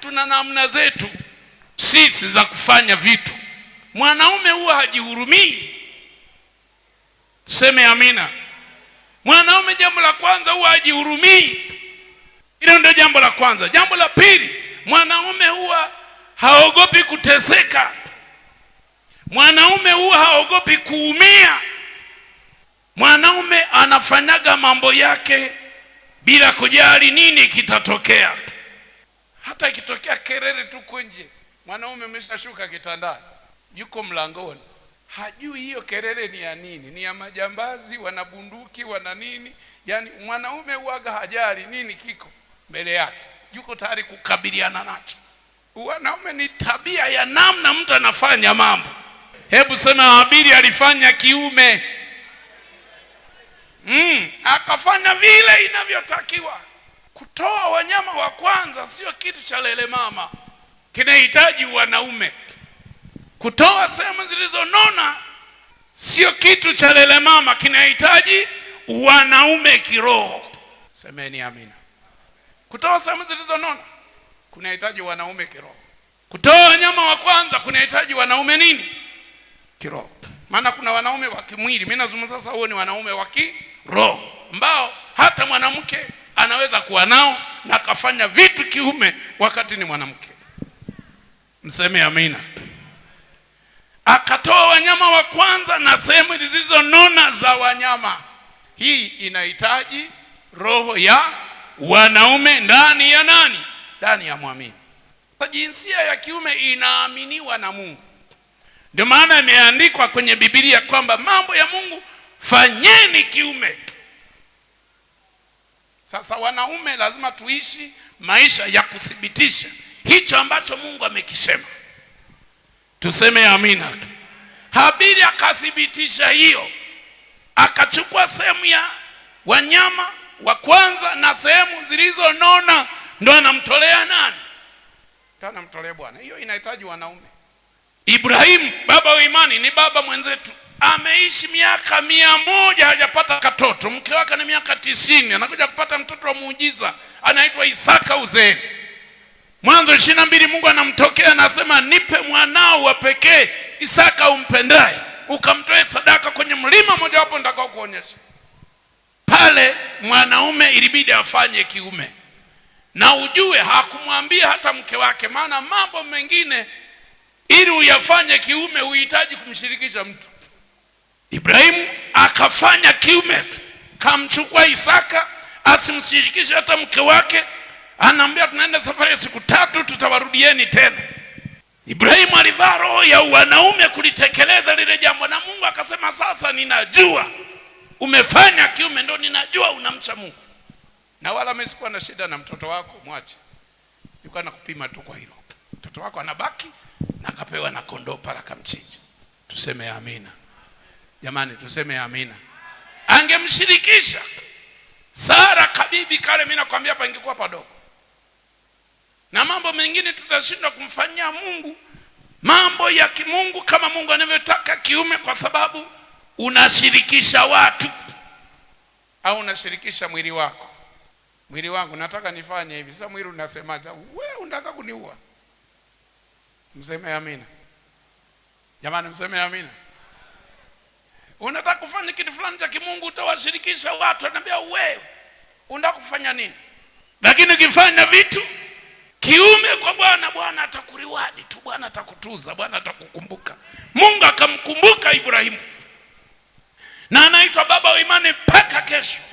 tuna namna zetu sisi za kufanya vitu. Mwanaume huwa hajihurumii, tuseme amina. Mwanaume jambo la kwanza huwa hajihurumii, hilo ndio jambo la kwanza. Jambo la pili, mwanaume huwa haogopi kuteseka, mwanaume huwa haogopi kuumia, mwanaume anafanyaga mambo yake bila kujali nini kitatokea. Hata ikitokea kelele tu nje, mwanaume ameshashuka kitandani, yuko mlangoni, hajui hiyo kelele ni ya nini, ni ya majambazi, wana bunduki, wana nini. Yaani mwanaume huaga hajali nini kiko mbele yake, yuko tayari kukabiliana nacho. Wanaume ni tabia ya namna mtu anafanya mambo. Hebu sema, Habili alifanya kiume mm, akafanya vile inavyotakiwa. Kutoa wanyama wa kwanza sio kitu cha lele mama, kinahitaji wanaume. Kutoa sehemu zilizonona sio kitu cha lele mama, kinahitaji wanaume kiroho. Semeni amina. Kutoa sehemu zilizonona kunahitaji wanaume kiroho. Kutoa wanyama wa kwanza kunahitaji wanaume nini? Kiroho. Maana kuna wanaume wa kimwili, mimi nazungumza sasa, huo ni wanaume wa kiroho ambao hata mwanamke anaweza kuwa nao na akafanya vitu kiume wakati ni mwanamke. Mseme amina. Akatoa wanyama wa kwanza na sehemu zilizonona za wanyama. Hii inahitaji roho ya wanaume ndani ya nani? Ndani ya mwamini. Jinsia ya kiume inaaminiwa na Mungu, ndio maana imeandikwa kwenye Biblia kwamba mambo ya Mungu fanyeni kiume. Sasa wanaume lazima tuishi maisha ya kuthibitisha hicho ambacho Mungu amekisema. Tuseme amina. Habili akathibitisha hiyo, akachukua sehemu ya wanyama wa kwanza na sehemu zilizonona, ndo anamtolea nani? Ndo anamtolea Bwana. Hiyo inahitaji wanaume. Ibrahimu baba wa imani ni baba mwenzetu, ameishi miaka mia moja hajapata katoto. Mke wake ni miaka tisini anakuja kupata mtoto wa muujiza anaitwa Isaka uzeeni. Mwanzo ishirini na mbili Mungu anamtokea anasema, nipe mwanao wa pekee Isaka umpendaye, ukamtoe sadaka kwenye mlima mojawapo nitakao kuonyesha. Pale mwanaume ilibidi afanye kiume, na ujue hakumwambia hata mke wake, maana mambo mengine ili uyafanye kiume uhitaji kumshirikisha mtu. Ibrahimu akafanya kiume, kamchukua Isaka, asimshirikishe hata mke wake. Anaambia tunaenda safari ya siku tatu, tutawarudieni tena. Ibrahimu alivaa roho ya wanaume kulitekeleza lile jambo, na Mungu akasema, sasa ninajua umefanya kiume, ndo ninajua unamcha Mungu, na wala mesikuwa na shida na mtoto wako, mwache, nilikuwa nakupima tu kwa hilo. Mtoto wako anabaki na akapewa na kondoo para kamchinja. Tuseme amina jamani, tuseme amina. Angemshirikisha Sara kabibi kale, mimi nakwambia ingekuwa padogo, na mambo mengine tutashindwa kumfanyia Mungu mambo ya kimungu kama Mungu anavyotaka kiume, kwa sababu unashirikisha watu au unashirikisha mwili wako. Mwili wangu nataka nifanye hivi, sasa mwili unasemaje? Wewe unataka kuniua Mseme amina jamani, mseme amina. Unataka kufanya kitu fulani cha kimungu, utawashirikisha watu, anaambia wewe unataka kufanya nini? Lakini ukifanya vitu kiume kwa Bwana, Bwana atakuriwadi tu, Bwana atakutuza, Bwana atakukumbuka. Mungu akamkumbuka Ibrahimu na anaitwa baba wa imani mpaka kesho.